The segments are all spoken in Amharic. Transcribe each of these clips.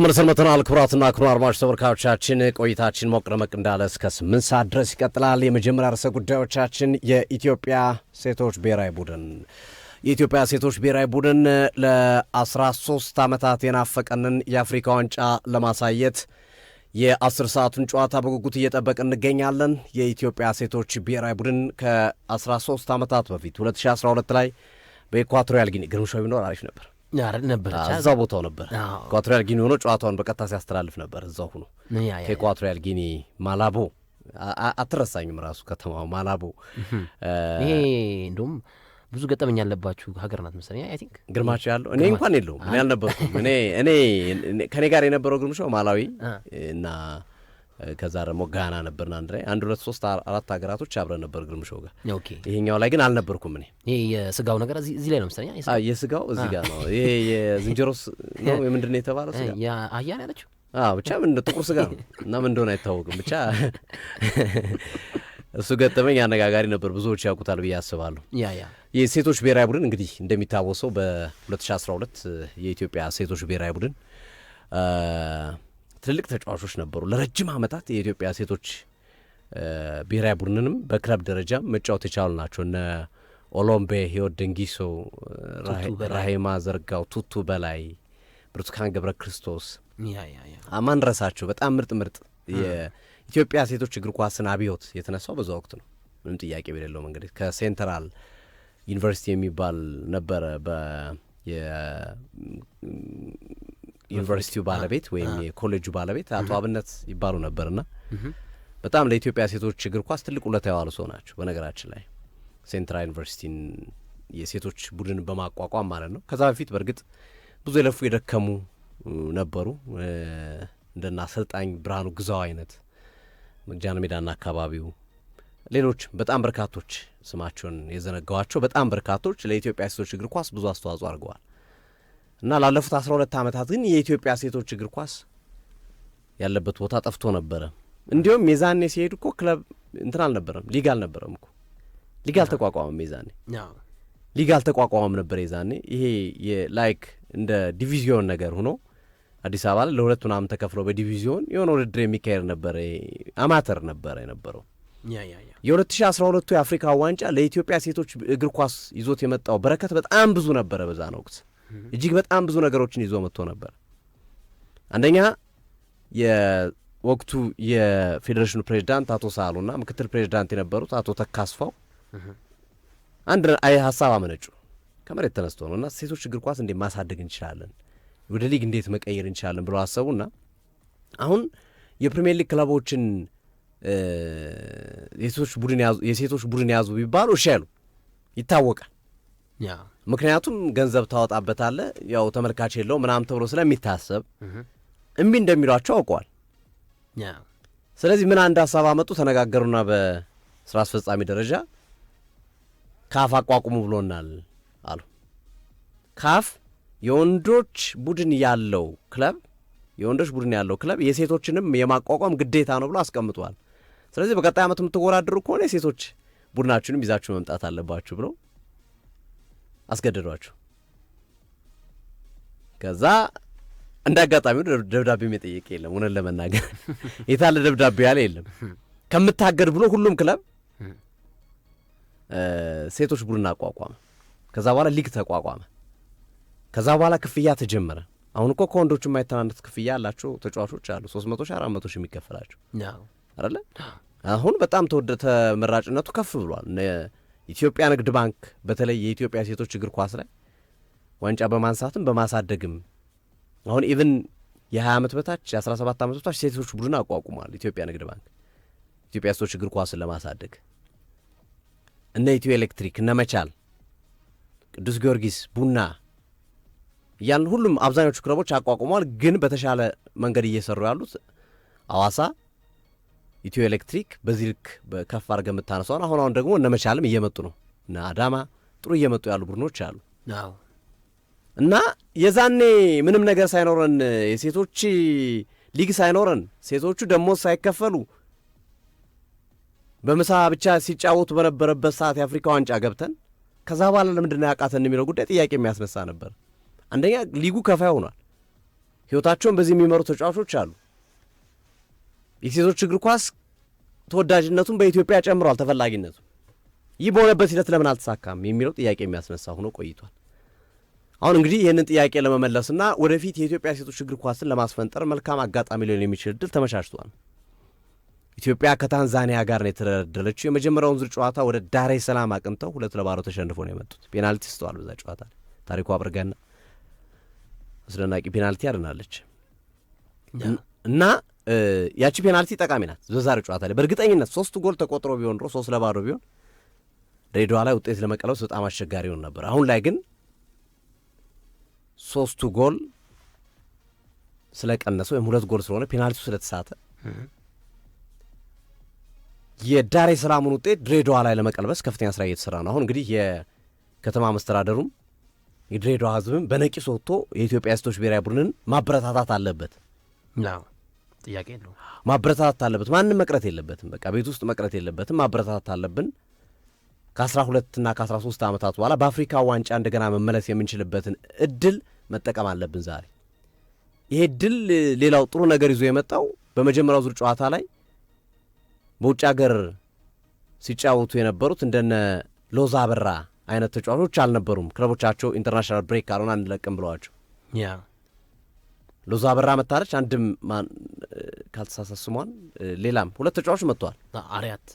ተመልሰን መተናል። ክቡራትና ክቡራን አድማጭ ተመልካቾቻችን ቆይታችን ሞቅ ደመቅ እንዳለ እስከ ስምንት ሰዓት ድረስ ይቀጥላል። የመጀመሪያ ርዕሰ ጉዳዮቻችን የኢትዮጵያ ሴቶች ብሔራዊ ቡድን የኢትዮጵያ ሴቶች ብሔራዊ ቡድን ለ13 ዓመታት የናፈቀንን የአፍሪካ ዋንጫ ለማሳየት የአስር ሰዓቱን ጨዋታ በጉጉት እየጠበቅ እንገኛለን። የኢትዮጵያ ሴቶች ብሔራዊ ቡድን ከ13 ዓመታት በፊት 2012 ላይ በኢኳቶሪያል ጊኒ ግርምሾ ቢኖር አሪፍ ነበር። ነበር ቦታው ነበር። ኢኳቶሪያል ጊኒ ሆኖ ጨዋታውን በቀጥታ ሲያስተላልፍ ነበር። እዛው ሆኖ ከኢኳቶሪያል ጊኒ ማላቦ አትረሳኝም። ራሱ ከተማው ማላቦ ይሄ እንዲሁም ብዙ ገጠመኝ ያለባችሁ ሀገር ናት መሰለኝ። አይ ቲንክ ግርማቸው ያለው እኔ እንኳን የለውም እኔ አልነበርኩም። እኔ እኔ ከእኔ ጋር የነበረው ግርምሻው ማላዊ እና ከዛ ደግሞ ጋና ነበርን አንድ ላይ አንድ ሁለት ሶስት አራት ሀገራቶች አብረ ነበር ግርምሾ ጋር። ይሄኛው ላይ ግን አልነበርኩም እኔ። ይሄ የስጋው ነገር እዚህ ላይ ነው መሰለኝ። የስጋው እዚህ ጋር ነው። ይሄ የዝንጀሮስ ነው ምንድን ነው የተባለው? ስጋ አያ ነው ያለችው። ብቻ ምን ጥቁር ስጋ ነው እና ምን እንደሆነ አይታወቅም። ብቻ እሱ ገጠመኝ አነጋጋሪ ነበር። ብዙዎች ያውቁታል ብዬ አስባለሁ። የሴቶች ብሔራዊ ቡድን እንግዲህ እንደሚታወሰው በ2012 የኢትዮጵያ ሴቶች ብሔራዊ ቡድን ትልልቅ ተጫዋቾች ነበሩ። ለረጅም ዓመታት የኢትዮጵያ ሴቶች ብሔራዊ ቡድንንም በክለብ ደረጃ መጫወት የቻሉ ናቸው። እነ ኦሎምቤ፣ ህይወት ደንጊሶ፣ ራሄማ ዘርጋው፣ ቱቱ በላይ፣ ብርቱካን ገብረ ክርስቶስ አማን ረሳቸው። በጣም ምርጥ ምርጥ የኢትዮጵያ ሴቶች እግር ኳስን አብዮት የተነሳው በዛ ወቅት ነው። ምንም ጥያቄ በሌለው መንገድ ከሴንትራል ዩኒቨርሲቲ የሚባል ነበረ በ ዩኒቨርሲቲው ባለቤት ወይም የኮሌጁ ባለቤት አቶ አብነት ይባሉ ነበርና በጣም ለኢትዮጵያ ሴቶች እግር ኳስ ትልቅ ውለታ የዋሉ ሰው ናቸው። በነገራችን ላይ ሴንትራል ዩኒቨርሲቲን የሴቶች ቡድን በማቋቋም ማለት ነው። ከዛ በፊት በእርግጥ ብዙ የለፉ የደከሙ ነበሩ። እንደና አሰልጣኝ ብርሃኑ ግዛው አይነት መግጃን ሜዳና አካባቢው ሌሎች በጣም በርካቶች ስማቸውን የዘነጋዋቸው በጣም በርካቶች ለኢትዮጵያ ሴቶች እግር ኳስ ብዙ አስተዋጽኦ አድርገዋል። እና ላለፉት አስራ ሁለት ዓመታት ግን የኢትዮጵያ ሴቶች እግር ኳስ ያለበት ቦታ ጠፍቶ ነበረ። እንዲሁም የዛኔ ሲሄድ እኮ ክለብ እንትን አልነበረም፣ ሊግ አልነበረም እኮ ሊግ አልተቋቋመም። የዛኔ ሊግ አልተቋቋመም ነበር። የዛኔ ይሄ ላይክ እንደ ዲቪዚዮን ነገር ሆኖ አዲስ አበባ ላይ ለሁለት ምናምን ተከፍሎ በዲቪዚዮን የሆነ ውድድር የሚካሄድ ነበረ። አማተር ነበረ የነበረው። 2012 የአፍሪካ ዋንጫ ለኢትዮጵያ ሴቶች እግር ኳስ ይዞት የመጣው በረከት በጣም ብዙ ነበረ በዛን ወቅት እጅግ በጣም ብዙ ነገሮችን ይዞ መጥቶ ነበር። አንደኛ የወቅቱ የፌዴሬሽኑ ፕሬዚዳንት አቶ ሳሉና ምክትል ፕሬዚዳንት የነበሩት አቶ ተካስፋው አንድ አይ ሀሳብ አመነጩ ከመሬት ተነስቶ ነው እና ሴቶች እግር ኳስ እንዴት ማሳደግ እንችላለን፣ ወደ ሊግ እንዴት መቀየር እንችላለን ብለው አሰቡና አሁን የፕሪሚየር ሊግ ክለቦችን የሴቶች ቡድን ያዙ ቢባሉ እሺ ያሉ ይታወቃል። ምክንያቱም ገንዘብ ታወጣበታለ ያው ተመልካች የለው ምናም ተብሎ ስለሚታሰብ እምቢ እንደሚሏቸው አውቀዋል። ስለዚህ ምን አንድ ሀሳብ አመጡ፣ ተነጋገሩና በስራ አስፈጻሚ ደረጃ ካፍ አቋቁሙ ብሎናል አሉ። ካፍ የወንዶች ቡድን ያለው ክለብ የወንዶች ቡድን ያለው ክለብ የሴቶችንም የማቋቋም ግዴታ ነው ብሎ አስቀምጧል። ስለዚህ በቀጣይ ዓመት የምትወዳደሩ ከሆነ የሴቶች ቡድናችሁንም ይዛችሁ መምጣት አለባችሁ ብለው አስገደዷቸው። ከዛ እንደ አጋጣሚው ደብዳቤም የጠየቀ የለም። እውነት ለመናገር የታለ ደብዳቤ ያለ የለም። ከምታገድ ብሎ ሁሉም ክለብ ሴቶች ቡድን አቋቋመ። ከዛ በኋላ ሊግ ተቋቋመ። ከዛ በኋላ ክፍያ ተጀመረ። አሁን እኮ ከወንዶች የማይተናነት ክፍያ ያላቸው ተጫዋቾች አሉ። ሶስት መቶ ሺህ አራት መቶ የሚከፈላቸው አይደለ? አሁን በጣም ተወደ ተመራጭነቱ ከፍ ብሏል። ኢትዮጵያ ንግድ ባንክ በተለይ የኢትዮጵያ ሴቶች እግር ኳስ ላይ ዋንጫ በማንሳትም በማሳደግም አሁን ኢቭን የ20 ዓመት በታች የ17 ዓመት በታች ሴቶች ቡድን አቋቁሟል። ኢትዮጵያ ንግድ ባንክ ኢትዮጵያ ሴቶች እግር ኳስን ለማሳደግ እነ ኢትዮ ኤሌክትሪክ፣ እነ መቻል፣ ቅዱስ ጊዮርጊስ፣ ቡና እያን ሁሉም አብዛኞቹ ክለቦች አቋቁመዋል። ግን በተሻለ መንገድ እየሰሩ ያሉት አዋሳ ኢትዮ ኤሌክትሪክ በዚህ ልክ ከፍ አድርገህ የምታነሳውን አሁን አሁን ደግሞ እነመቻልም እየመጡ ነው እና አዳማ ጥሩ እየመጡ ያሉ ቡድኖች አሉ እና የዛኔ ምንም ነገር ሳይኖረን የሴቶች ሊግ ሳይኖረን ሴቶቹ ደሞዝ ሳይከፈሉ በምሳ ብቻ ሲጫወቱ በነበረበት ሰዓት የአፍሪካ ዋንጫ ገብተን ከዛ በኋላ ለምንድን ያቃተን የሚለው ጉዳይ ጥያቄ የሚያስነሳ ነበር። አንደኛ ሊጉ ከፋ ሆኗል። ህይወታቸውን በዚህ የሚመሩ ተጫዋቾች አሉ። የሴቶች እግር ኳስ ተወዳጅነቱን በኢትዮጵያ ጨምሯል ተፈላጊነቱ። ይህ በሆነበት ሂደት ለምን አልተሳካም የሚለው ጥያቄ የሚያስነሳ ሆኖ ቆይቷል። አሁን እንግዲህ ይህንን ጥያቄ ለመመለስና ወደፊት የኢትዮጵያ ሴቶች እግር ኳስን ለማስፈንጠር መልካም አጋጣሚ ሊሆን የሚችል እድል ተመቻችቷል። ኢትዮጵያ ከታንዛኒያ ጋር ነው የተደረደረችው። የመጀመሪያውን ዙር ጨዋታ ወደ ዳሬ ሰላም አቅንተው ሁለት ለባሮ ተሸንፎ ነው የመጡት። ፔናልቲ ስተዋል በዛ ጨዋታ ታሪኩ አብርገና አስደናቂ ፔናልቲ ያድናለች እና ያቺ ፔናልቲ ጠቃሚ ናት። በዛሬ ጨዋታ ላይ በእርግጠኝነት ሶስት ጎል ተቆጥሮ ቢሆን ድሮ ሶስት ለባዶ ቢሆን ድሬዳዋ ላይ ውጤት ለመቀለበስ በጣም አስቸጋሪ ይሆን ነበር። አሁን ላይ ግን ሶስቱ ጎል ስለቀነሰ ወይም ሁለት ጎል ስለሆነ ፔናልቲው ስለተሳተ የዳሬ ሰላሙን ውጤት ድሬዳዋ ላይ ለመቀልበስ ከፍተኛ ስራ እየተሰራ ነው። አሁን እንግዲህ የከተማ መስተዳደሩም የድሬዳዋ ሕዝብም በነቂስ ወጥቶ የኢትዮጵያ ሴቶች ብሔራዊ ቡድንን ማበረታታት አለበት። ጥያቄ ነው። ማበረታታት አለበት። ማንም መቅረት የለበትም። በቃ ቤት ውስጥ መቅረት የለበትም። ማበረታታት አለብን። ከአስራ ሁለትና ከአስራ ሶስት ዓመታት በኋላ በአፍሪካ ዋንጫ እንደገና መመለስ የምንችልበትን እድል መጠቀም አለብን። ዛሬ ይሄ እድል ሌላው ጥሩ ነገር ይዞ የመጣው በመጀመሪያው ዙር ጨዋታ ላይ በውጭ ሀገር ሲጫወቱ የነበሩት እንደነ ሎዛ በራ አይነት ተጫዋቾች አልነበሩም። ክለቦቻቸው ኢንተርናሽናል ብሬክ ካልሆነ አንለቅም ብለዋቸው ሎዛ አበራ መታለች። አንድም ማን ካልተሳሳት ስሟን ሌላም ሁለት ተጫዋች መጥተዋል። አርያት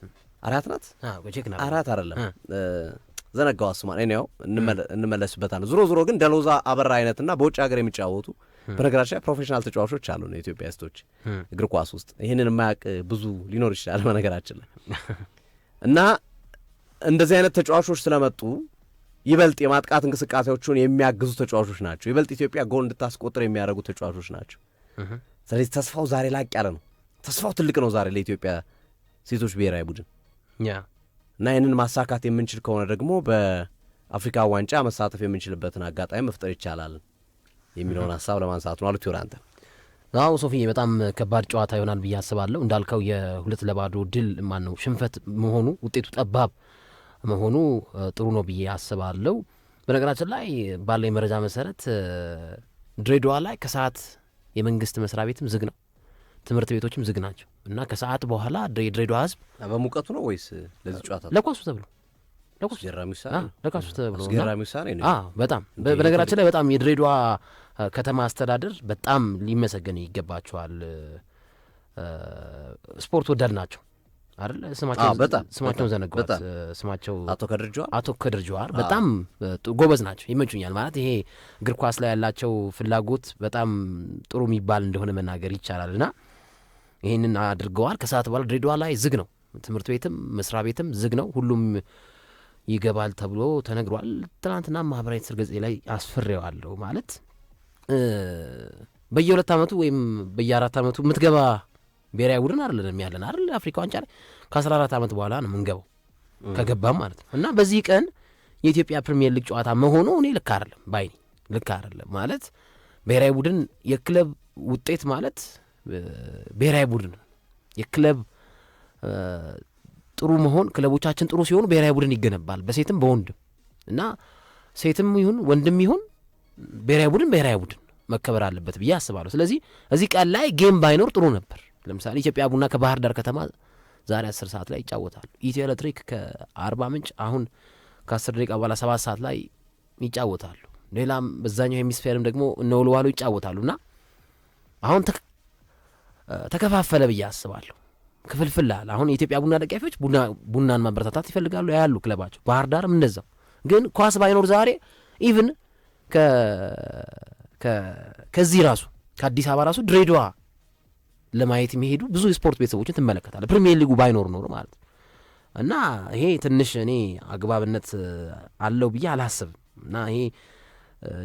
አርያት ናት አርያት አይደለም ዘነጋዋ ስሟን ያው እንመለስበታለን። ዞሮ ዞሮ ግን ደሎዛ አበራ አይነትና በውጭ ሀገር የሚጫወቱ በነገራችን ላይ ፕሮፌሽናል ተጫዋቾች አሉ ነው የኢትዮጵያ ስቶች እግር ኳስ ውስጥ ይህንን የማያውቅ ብዙ ሊኖር ይችላል። በነገራችን ላይ እና እንደዚህ አይነት ተጫዋቾች ስለመጡ ይበልጥ የማጥቃት እንቅስቃሴዎቹን የሚያግዙ ተጫዋቾች ናቸው። ይበልጥ ኢትዮጵያ ጎል እንድታስቆጥር የሚያደርጉ ተጫዋቾች ናቸው። ስለዚህ ተስፋው ዛሬ ላቅ ያለ ነው። ተስፋው ትልቅ ነው ዛሬ ለኢትዮጵያ ሴቶች ብሔራዊ ቡድን እና ይህንን ማሳካት የምንችል ከሆነ ደግሞ በአፍሪካ ዋንጫ መሳተፍ የምንችልበትን አጋጣሚ መፍጠር ይቻላል የሚለውን ሀሳብ ለማንሳት ነው አሉት ዮራንተ። አዎ ሶፊዬ፣ በጣም ከባድ ጨዋታ ይሆናል ብዬ አስባለሁ። እንዳልከው የሁለት ለባዶ ድል ማን ነው ሽንፈት መሆኑ ውጤቱ ጠባብ መሆኑ ጥሩ ነው ብዬ አስባለሁ። በነገራችን ላይ ባለው የመረጃ መሰረት ድሬዳዋ ላይ ከሰዓት የመንግስት መስሪያ ቤትም ዝግ ነው፣ ትምህርት ቤቶችም ዝግ ናቸው እና ከሰዓት በኋላ ድሬዳዋ ህዝብ በሙቀቱ ነው ወይስ ለዚህ ጨዋታ ለኳሱ ተብሎ ለኳሱ ተብሎ በጣም በነገራችን ላይ በጣም የድሬዳዋ ከተማ አስተዳደር በጣም ሊመሰገን ይገባቸዋል። ስፖርት ወዳድ ናቸው። አይደለ ስማቸውን ዘነጓት። ስማቸው አቶ ከድር ጁሃር፣ አቶ ከድር ጁሃር በጣም ጎበዝ ናቸው፣ ይመቹኛል። ማለት ይሄ እግር ኳስ ላይ ያላቸው ፍላጎት በጣም ጥሩ የሚባል እንደሆነ መናገር ይቻላል። እና ይህንን አድርገዋል። ከሰዓት በኋላ ድሬዳዋ ላይ ዝግ ነው፣ ትምህርት ቤትም መስሪያ ቤትም ዝግ ነው። ሁሉም ይገባል ተብሎ ተነግሯል። ትናንትና ማህበራዊ ትስስር ገጽ ላይ አስፍሬዋለሁ። ማለት በየሁለት ዓመቱ ወይም በየአራት ዓመቱ የምትገባ ብሔራዊ ቡድን አይደለም ያለን አይደል አፍሪካ ዋንጫ ላይ ከ14 ዓመት በኋላ ነው የምንገባው ከገባም ማለት ነው። እና በዚህ ቀን የኢትዮጵያ ፕሪሚየር ሊግ ጨዋታ መሆኑ እኔ ልክ አይደለም ባይኔ ልክ አይደለም ማለት ብሔራዊ ቡድን የክለብ ውጤት ማለት ብሔራዊ ቡድን የክለብ ጥሩ መሆን ክለቦቻችን ጥሩ ሲሆኑ ብሔራዊ ቡድን ይገነባል በሴትም በወንድም እና ሴትም ይሁን ወንድም ይሁን ብሔራዊ ቡድን ብሔራዊ ቡድን መከበር አለበት ብዬ አስባለሁ። ስለዚህ እዚህ ቀን ላይ ጌም ባይኖር ጥሩ ነበር። ለምሳሌ ኢትዮጵያ ቡና ከባህር ዳር ከተማ ዛሬ አስር ሰዓት ላይ ይጫወታል። ኢትዮ ኤሌክትሪክ ከአርባ ምንጭ አሁን ከአስር ደቂቃ በኋላ ሰባት ሰዓት ላይ ይጫወታሉ። ሌላም በዛኛው ሄሚስፌርም ደግሞ እነ ወልዋሎ ይጫወታሉ እና አሁን ተከፋፈለ ብዬ አስባለሁ። ክፍልፍላል አሁን የኢትዮጵያ ቡና ደጋፊዎች ቡናን ማበረታታት ይፈልጋሉ ያሉ ክለባቸው ባህር ዳርም እንደዛው። ግን ኳስ ባይኖር ዛሬ ኢቭን ከዚህ ራሱ ከአዲስ አበባ ራሱ ድሬዳዋ ለማየት የሚሄዱ ብዙ የስፖርት ቤተሰቦችን ትመለከታለ ፕሪሚየር ሊጉ ባይኖር ኖር ማለት እና ይሄ ትንሽ እኔ አግባብነት አለው ብዬ አላስብም እና ይሄ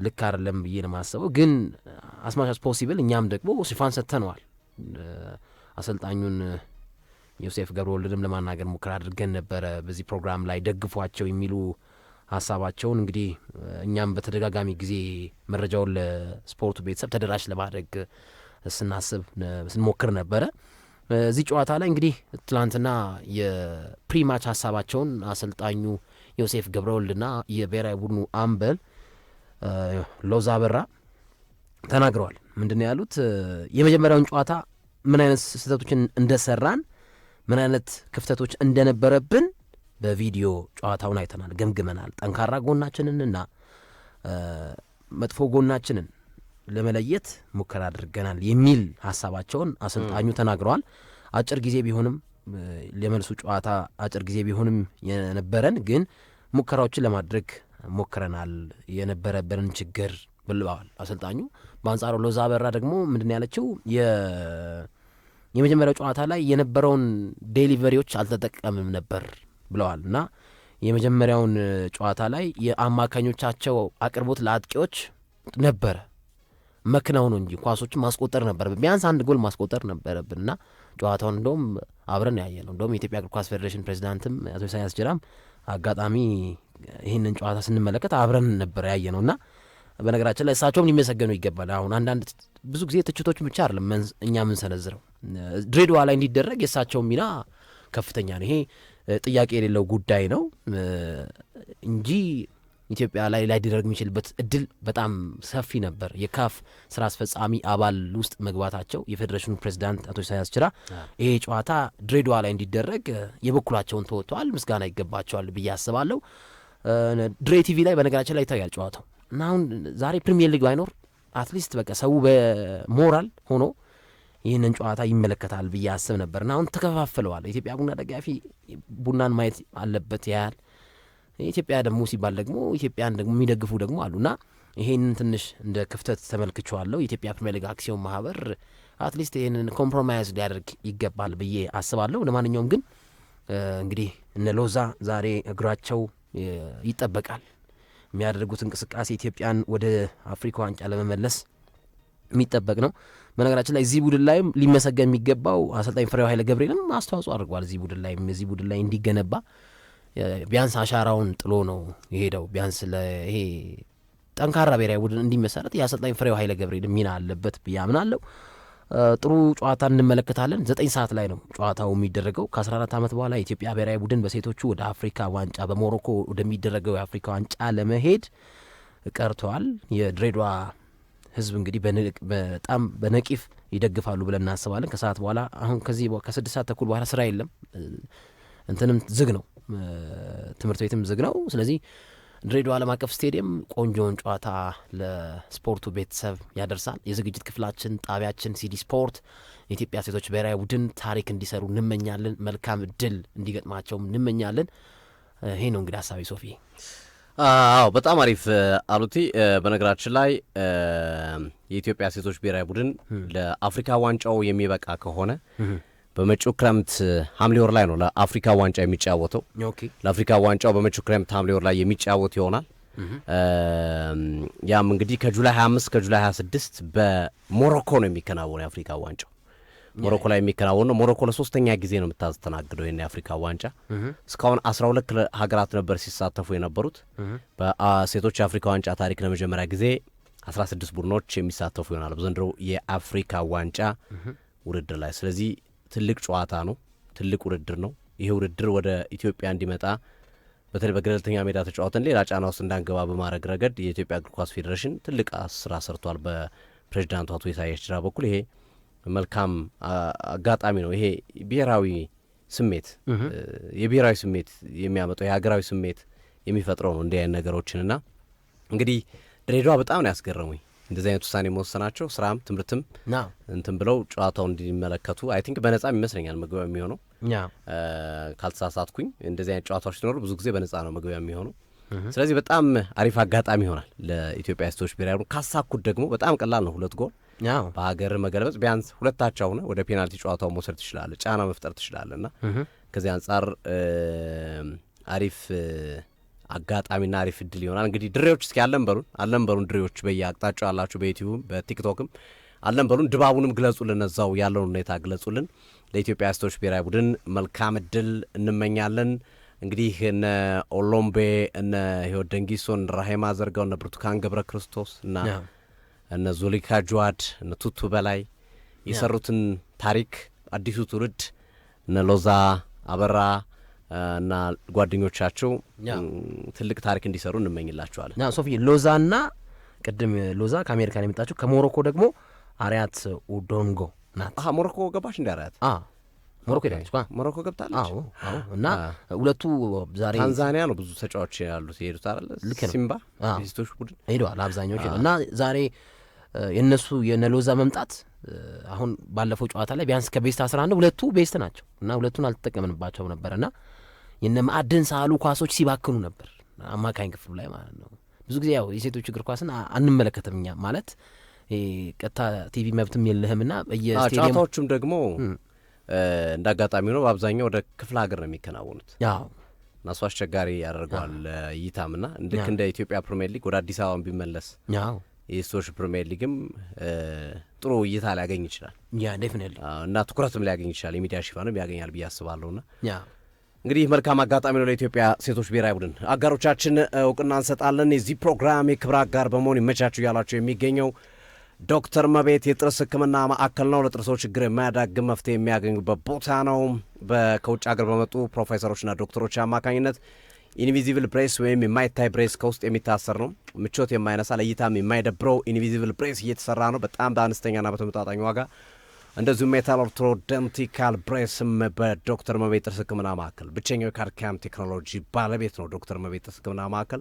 ልክ አይደለም ብዬ ለማሰበው ግን አስማሻስ ፖሲብል እኛም ደግሞ ሽፋን ሰጥተነዋል። አሰልጣኙን ዮሴፍ ገብረወልድንም ለማናገር ሙከራ አድርገን ነበረ በዚህ ፕሮግራም ላይ ደግፏቸው የሚሉ ሀሳባቸውን እንግዲህ እኛም በተደጋጋሚ ጊዜ መረጃውን ለስፖርቱ ቤተሰብ ተደራሽ ለማድረግ ስናስብ ስንሞክር ነበረ። እዚህ ጨዋታ ላይ እንግዲህ ትላንትና የፕሪማች ሀሳባቸውን አሰልጣኙ ዮሴፍ ገብረወልድና የብሔራዊ ቡድኑ አምበል ሎዛ በራ ተናግረዋል። ምንድነው ያሉት? የመጀመሪያውን ጨዋታ ምን አይነት ስህተቶችን እንደሰራን፣ ምን አይነት ክፍተቶች እንደነበረብን በቪዲዮ ጨዋታውን አይተናል፣ ገምግመናል። ጠንካራ ጎናችንንና መጥፎ ጎናችንን ለመለየት ሙከራ አድርገናል የሚል ሀሳባቸውን አሰልጣኙ ተናግረዋል። አጭር ጊዜ ቢሆንም የመልሱ ጨዋታ አጭር ጊዜ ቢሆንም የነበረን ግን ሙከራዎችን ለማድረግ ሞክረናል የነበረብንን ችግር ብለዋል አሰልጣኙ። በአንጻሩ ሎዛ በራ ደግሞ ምንድን ያለችው የመጀመሪያው ጨዋታ ላይ የነበረውን ዴሊቨሪዎች አልተጠቀምም ነበር ብለዋል እና የመጀመሪያውን ጨዋታ ላይ የአማካኞቻቸው አቅርቦት ለአጥቂዎች ነበረ መክነው ነው እንጂ ኳሶችን ማስቆጠር ነበረብን። ቢያንስ አንድ ጎል ማስቆጠር ነበረብን እና ጨዋታውን እንደውም አብረን ያየ ነው። እንደውም የኢትዮጵያ እግር ኳስ ፌዴሬሽን ፕሬዚዳንትም አቶ ኢሳያስ ጅራም አጋጣሚ ይህንን ጨዋታ ስንመለከት አብረን ነበር ያየ ነው እና በነገራችን ላይ እሳቸውም ሊመሰገኑ ይገባል። አሁን አንዳንድ ብዙ ጊዜ ትችቶች ብቻ አይደለም እኛ የምንሰነዝረው ድሬዳዋ ላይ እንዲደረግ የእሳቸው ሚና ከፍተኛ ነው። ይሄ ጥያቄ የሌለው ጉዳይ ነው እንጂ ኢትዮጵያ ላይ ላይደረግ የሚችልበት እድል በጣም ሰፊ ነበር። የካፍ ስራ አስፈጻሚ አባል ውስጥ መግባታቸው የፌዴሬሽኑ ፕሬዚዳንት አቶ ኢሳያስ ችራ ይሄ ጨዋታ ድሬዳዋ ላይ እንዲደረግ የበኩላቸውን ተወጥተዋል። ምስጋና ይገባቸዋል ብዬ አስባለሁ። ድሬ ቲቪ ላይ በነገራችን ላይ ይታያል ጨዋታው እና አሁን ዛሬ ፕሪሚየር ሊግ ባይኖር አትሊስት በቃ ሰው በሞራል ሆኖ ይህንን ጨዋታ ይመለከታል ብዬ አስብ ነበር እና አሁን ተከፋፍለዋል። ኢትዮጵያ ቡና ደጋፊ ቡናን ማየት አለበት ያያል ኢትዮጵያ ደግሞ ሲባል ደግሞ ኢትዮጵያን ደግሞ የሚደግፉ ደግሞ አሉና ይሄንን ትንሽ እንደ ክፍተት ተመልክቼዋለሁ። የኢትዮጵያ ፕሪሚየር ሊግ አክሲዮን ማህበር አትሊስት ይህንን ኮምፕሮማይዝ ሊያደርግ ይገባል ብዬ አስባለሁ። ለማንኛውም ግን እንግዲህ እነ ሎዛ ዛሬ እግራቸው ይጠበቃል። የሚያደርጉት እንቅስቃሴ ኢትዮጵያን ወደ አፍሪካ ዋንጫ ለመመለስ የሚጠበቅ ነው። በነገራችን ላይ እዚህ ቡድን ላይም ሊመሰገን የሚገባው አሰልጣኝ ፍሬው ኃይለ ገብርኤልም አስተዋጽኦ አድርጓል። እዚህ ቡድን ላይ እዚህ ቡድን ላይ እንዲገነባ ቢያንስ አሻራውን ጥሎ ነው የሄደው። ቢያንስ ለይሄ ጠንካራ ብሔራዊ ቡድን እንዲመሰረት የአሰልጣኝ ፍሬው ኃይለ ገብርኤል ሚና አለበት ብዬ አምናለሁ። ጥሩ ጨዋታ እንመለከታለን። ዘጠኝ ሰዓት ላይ ነው ጨዋታው የሚደረገው። ከ14 ዓመት በኋላ የኢትዮጵያ ብሔራዊ ቡድን በሴቶቹ ወደ አፍሪካ ዋንጫ በሞሮኮ ወደሚደረገው የአፍሪካ ዋንጫ ለመሄድ ቀርተዋል። የድሬዳዋ ህዝብ እንግዲህ በጣም በነቂፍ ይደግፋሉ ብለን እናስባለን። ከሰዓት በኋላ አሁን ከዚህ ከስድስት ሰዓት ተኩል በኋላ ስራ የለም፣ እንትንም ዝግ ነው ትምህርት ቤትም ዝግ ነው። ስለዚህ ድሬዳዋ ዓለም አቀፍ ስቴዲየም ቆንጆውን ጨዋታ ለስፖርቱ ቤተሰብ ያደርሳል። የዝግጅት ክፍላችን ጣቢያችን ሲዲ ስፖርት የኢትዮጵያ ሴቶች ብሔራዊ ቡድን ታሪክ እንዲሰሩ እንመኛለን። መልካም እድል እንዲገጥማቸውም እንመኛለን። ይሄ ነው እንግዲህ ሀሳቢ ሶፊ። አዎ በጣም አሪፍ አሉቲ። በነገራችን ላይ የኢትዮጵያ ሴቶች ብሔራዊ ቡድን ለአፍሪካ ዋንጫው የሚበቃ ከሆነ በመጪው ክረምት ሐምሌ ወር ላይ ነው ለአፍሪካ ዋንጫ የሚጫወተው። ለአፍሪካ ዋንጫው በመጪው ክረምት ሐምሌ ወር ላይ የሚጫወት ይሆናል። ያም እንግዲህ ከጁላይ 25 ከጁላይ 26 በሞሮኮ ነው የሚከናወነው የአፍሪካ ዋንጫው ሞሮኮ ላይ የሚከናወን ነው። ሞሮኮ ለሶስተኛ ጊዜ ነው የምታስተናግደው ይህን የአፍሪካ ዋንጫ። እስካሁን አስራ ሁለት ሀገራት ነበር ሲሳተፉ የነበሩት። በሴቶች የአፍሪካ ዋንጫ ታሪክ ለመጀመሪያ ጊዜ አስራ ስድስት ቡድኖች የሚሳተፉ ይሆናል በዘንድሮ የአፍሪካ ዋንጫ ውድድር ላይ ስለዚህ ትልቅ ጨዋታ ነው፣ ትልቅ ውድድር ነው። ይሄ ውድድር ወደ ኢትዮጵያ እንዲመጣ በተለይ በገለልተኛ ሜዳ ተጫዋትን ሌላ ጫና ውስጥ እንዳንገባ በማድረግ ረገድ የኢትዮጵያ እግር ኳስ ፌዴሬሽን ትልቅ ስራ ሰርቷል። በፕሬዚዳንቱ አቶ ኢሳያስ ጅራ በኩል ይሄ መልካም አጋጣሚ ነው። ይሄ ብሔራዊ ስሜት የብሔራዊ ስሜት የሚያመጣው የሀገራዊ ስሜት የሚፈጥረው ነው እንዲህ አይነት ነገሮችንና እንግዲህ ድሬዳዋ በጣም ነው ያስገረሙኝ። እንደዚህ አይነት ውሳኔ መወሰናቸው ስራም ትምህርትም እንትን ብለው ጨዋታው እንዲመለከቱ አይ ቲንክ በነጻም ይመስለኛል መግቢያ የሚሆነው ካልተሳሳትኩኝ። እንደዚህ አይነት ጨዋታዎች ሲኖሩ ብዙ ጊዜ በነጻ ነው መግቢያ የሚሆነው። ስለዚህ በጣም አሪፍ አጋጣሚ ይሆናል ለኢትዮጵያ ሴቶች ብሔራዊ ቡድን። ካሳኩት ደግሞ በጣም ቀላል ነው ሁለት ጎል በሀገር መገለበጽ ቢያንስ ሁለታቸው ሆነ ወደ ፔናልቲ ጨዋታው መውሰድ ትችላለ፣ ጫና መፍጠር ትችላለ እና ከዚህ አንጻር አሪፍ አጋጣሚና አሪፍ እድል ይሆናል። እንግዲህ ድሬዎች እስኪ አልነበሩን አልነበሩን ድሬዎች አቅጣጫው ያላችሁ በዩቲዩብም በቲክቶክም አልነበሩን ድባቡንም ግለጹልን፣ እዛው ያለውን ሁኔታ ግለጹልን። ለኢትዮጵያ ሴቶች ብሔራዊ ቡድን መልካም እድል እንመኛለን። እንግዲህ እነ ኦሎምቤ እነ ህይወት ደንጊሶ እነ ራሄማ ዘርጋው እነ ብርቱካን ገብረ ክርስቶስ እና እነ ዙሊካ ጅዋድ እነ ቱቱ በላይ የሰሩትን ታሪክ አዲሱ ትውልድ እነ ሎዛ አበራ እና ጓደኞቻቸው ትልቅ ታሪክ እንዲሰሩ እንመኝላቸዋለን። ሶፊ ሎዛና ቅድም ሎዛ ከአሜሪካን የመጣችው ከሞሮኮ ደግሞ አርያት ኡዶንጎ ናት። ሞሮኮ ገባች እንዲ አርያት ሞሮኮ ሄዳለች። ሞሮኮ ገብታለች። እና ሁለቱ ዛሬ ታንዛኒያ ነው ብዙ ተጫዋች ያሉት የሄዱት አለ ሲምባ ሴቶች ቡድን ሄደዋል አብዛኛዎች እና ዛሬ የእነሱ የነሎዛ መምጣት አሁን ባለፈው ጨዋታ ላይ ቢያንስ ከቤስት አስራ አንድ ሁለቱ ቤስት ናቸው እና ሁለቱን አልተጠቀምንባቸው ነበረ ነበርና የነ ማዕድን ሳሉ ኳሶች ሲባክኑ ነበር አማካኝ ክፍሉ ላይ ማለት ነው። ብዙ ጊዜ ያው የሴቶች እግር ኳስን አንመለከትም እኛ ማለት ቀጥታ ቲቪ መብትም የለህም ና ጨዋታዎቹም ደግሞ እንደ አጋጣሚ ነው በአብዛኛው ወደ ክፍለ ሀገር ነው የሚከናወኑት እና አስቸጋሪ ያደርገዋል እይታም ና ልክ እንደ ኢትዮጵያ ፕሪሚየር ሊግ ወደ አዲስ አበባ ቢመለስ የሴቶች ፕሪሚየር ሊግም ጥሩ እይታ ሊያገኝ ይችላል እና ትኩረትም ሊያገኝ ይችላል የሚዲያ ሽፋንም ያገኛል ብዬ አስባለሁ ና እንግዲህ መልካም አጋጣሚ ነው ለኢትዮጵያ ሴቶች ብሔራዊ ቡድን። አጋሮቻችን እውቅና እንሰጣለን። የዚህ ፕሮግራም የክብር አጋር በመሆን ይመቻችሁ እያሏቸው የሚገኘው ዶክተር መቤት የጥርስ ሕክምና ማዕከል ነው። ለጥርሶ ችግር የማያዳግም መፍትሄ የሚያገኙበት ቦታ ነው። ከውጭ ሀገር በመጡ ፕሮፌሰሮችና ዶክተሮች አማካኝነት ኢንቪዚብል ብሬስ ወይም የማይታይ ብሬስ ከውስጥ የሚታሰር ነው። ምቾት የማይነሳ ለእይታም የማይደብረው ኢንቪዚብል ብሬስ እየተሰራ ነው። በጣም በአነስተኛና በተመጣጣኝ ዋጋ እንደዚሁም ሜታሎርትሮ ደምቲ ካልብሬስም በዶክተር መቤጥርስ ህክምና ማዕከል ብቸኛው የካድካም ቴክኖሎጂ ባለቤት ነው። ዶክተር መቤጥርስ ህክምና ማዕከል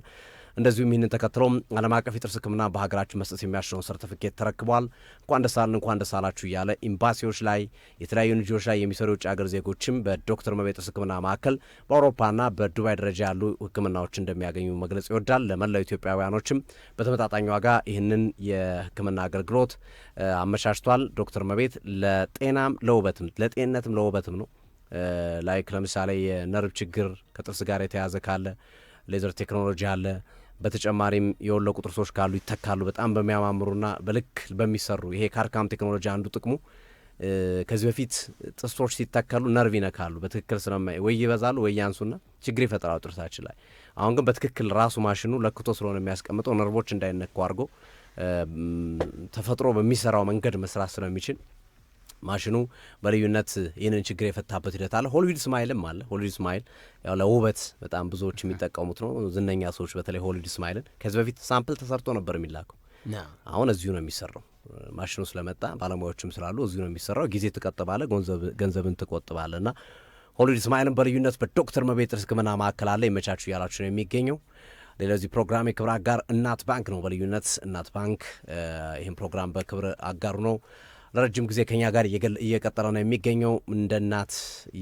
እንደዚሁም ይህንን ተከትሎም ዓለም አቀፍ የጥርስ ሕክምና በሀገራችን መስጠት የሚያስችለውን ሰርቲፊኬት ተረክቧል። እንኳን ደስ አለን፣ እንኳን ደስ አላችሁ እያለ ኤምባሲዎች ላይ የተለያዩ ንጆች ላይ የሚሰሩ የውጭ ሀገር ዜጎችም በዶክተር መቤ ጥርስ ሕክምና ማዕከል በአውሮፓና በዱባይ ደረጃ ያሉ ሕክምናዎች እንደሚያገኙ መግለጽ ይወዳል። ለመላው ኢትዮጵያውያኖችም በተመጣጣኝ ዋጋ ይህንን የሕክምና አገልግሎት አመቻችቷል። ዶክተር መቤት ለጤናም ለውበትም ለጤንነትም ለውበትም ነው ላይክ ለምሳሌ የነርቭ ችግር ከጥርስ ጋር የተያዘ ካለ ሌዘር ቴክኖሎጂ አለ። በተጨማሪም የወሎ ቁጥር ሶች ካሉ ይተካሉ። በጣም በሚያማምሩና በልክ በሚሰሩ ይሄ ካርካም ቴክኖሎጂ አንዱ ጥቅሙ ከዚህ በፊት ጥርሶች ሲተከሉ ነርቭ ይነካሉ። በትክክል ስለማ ወይ ይበዛሉ ወይ ያንሱና ችግር ይፈጠራሉ ጥርሳችን ላይ። አሁን ግን በትክክል ራሱ ማሽኑ ለክቶ ስለሆነ የሚያስቀምጠው ነርቮች እንዳይነኩ አድርጎ ተፈጥሮ በሚሰራው መንገድ መስራት ስለሚችል ማሽኑ በልዩነት ይህንን ችግር የፈታበት ሂደት አለ። ሆሊውድ ስማይልም አለ። ሆሊውድ ስማይል ያው ለውበት በጣም ብዙዎች የሚጠቀሙት ነው። ዝነኛ ሰዎች በተለይ ሆሊውድ ስማይልን ከዚህ በፊት ሳምፕል ተሰርቶ ነበር የሚላከው። አሁን እዚሁ ነው የሚሰራው። ማሽኑ ስለመጣ ባለሙያዎችም ስላሉ እዚሁ ነው የሚሰራው። ጊዜ ትቀጥባለ ገንዘብን ትቆጥባለ እና ሆሊውድ ስማይልን በልዩነት በዶክተር መቤትር ሕክምና ማዕከል አለ። ይመቻችሁ እያላችሁ ነው የሚገኘው። ዚህ ፕሮግራም የክብር አጋር እናት ባንክ ነው። በልዩነት እናት ባንክ ይህን ፕሮግራም በክብር አጋሩ ነው። ለረጅም ጊዜ ከኛ ጋር እየቀጠለ ነው የሚገኘው። እንደ እናት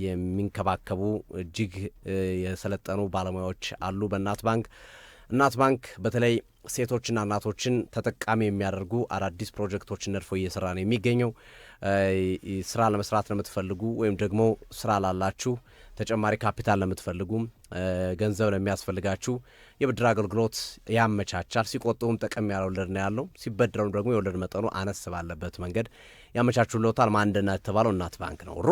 የሚንከባከቡ እጅግ የሰለጠኑ ባለሙያዎች አሉ በእናት ባንክ። እናት ባንክ በተለይ ሴቶችና እናቶችን ተጠቃሚ የሚያደርጉ አዳዲስ ፕሮጀክቶችን ነድፎ እየሰራ ነው የሚገኘው። ስራ ለመስራት ነው የምትፈልጉ ወይም ደግሞ ስራ ላላችሁ ተጨማሪ ካፒታል ለምትፈልጉ ገንዘብ ለሚያስፈልጋችሁ የብድር አገልግሎት ያመቻቻል። ሲቆጥቡም ጠቀም ያለ ወለድ ነው ያለው። ሲበድረውም ደግሞ የወለድ መጠኑ አነስ ባለበት መንገድ ያመቻቹልዎታል። ማን እንደና የተባለው እናት ባንክ ነው።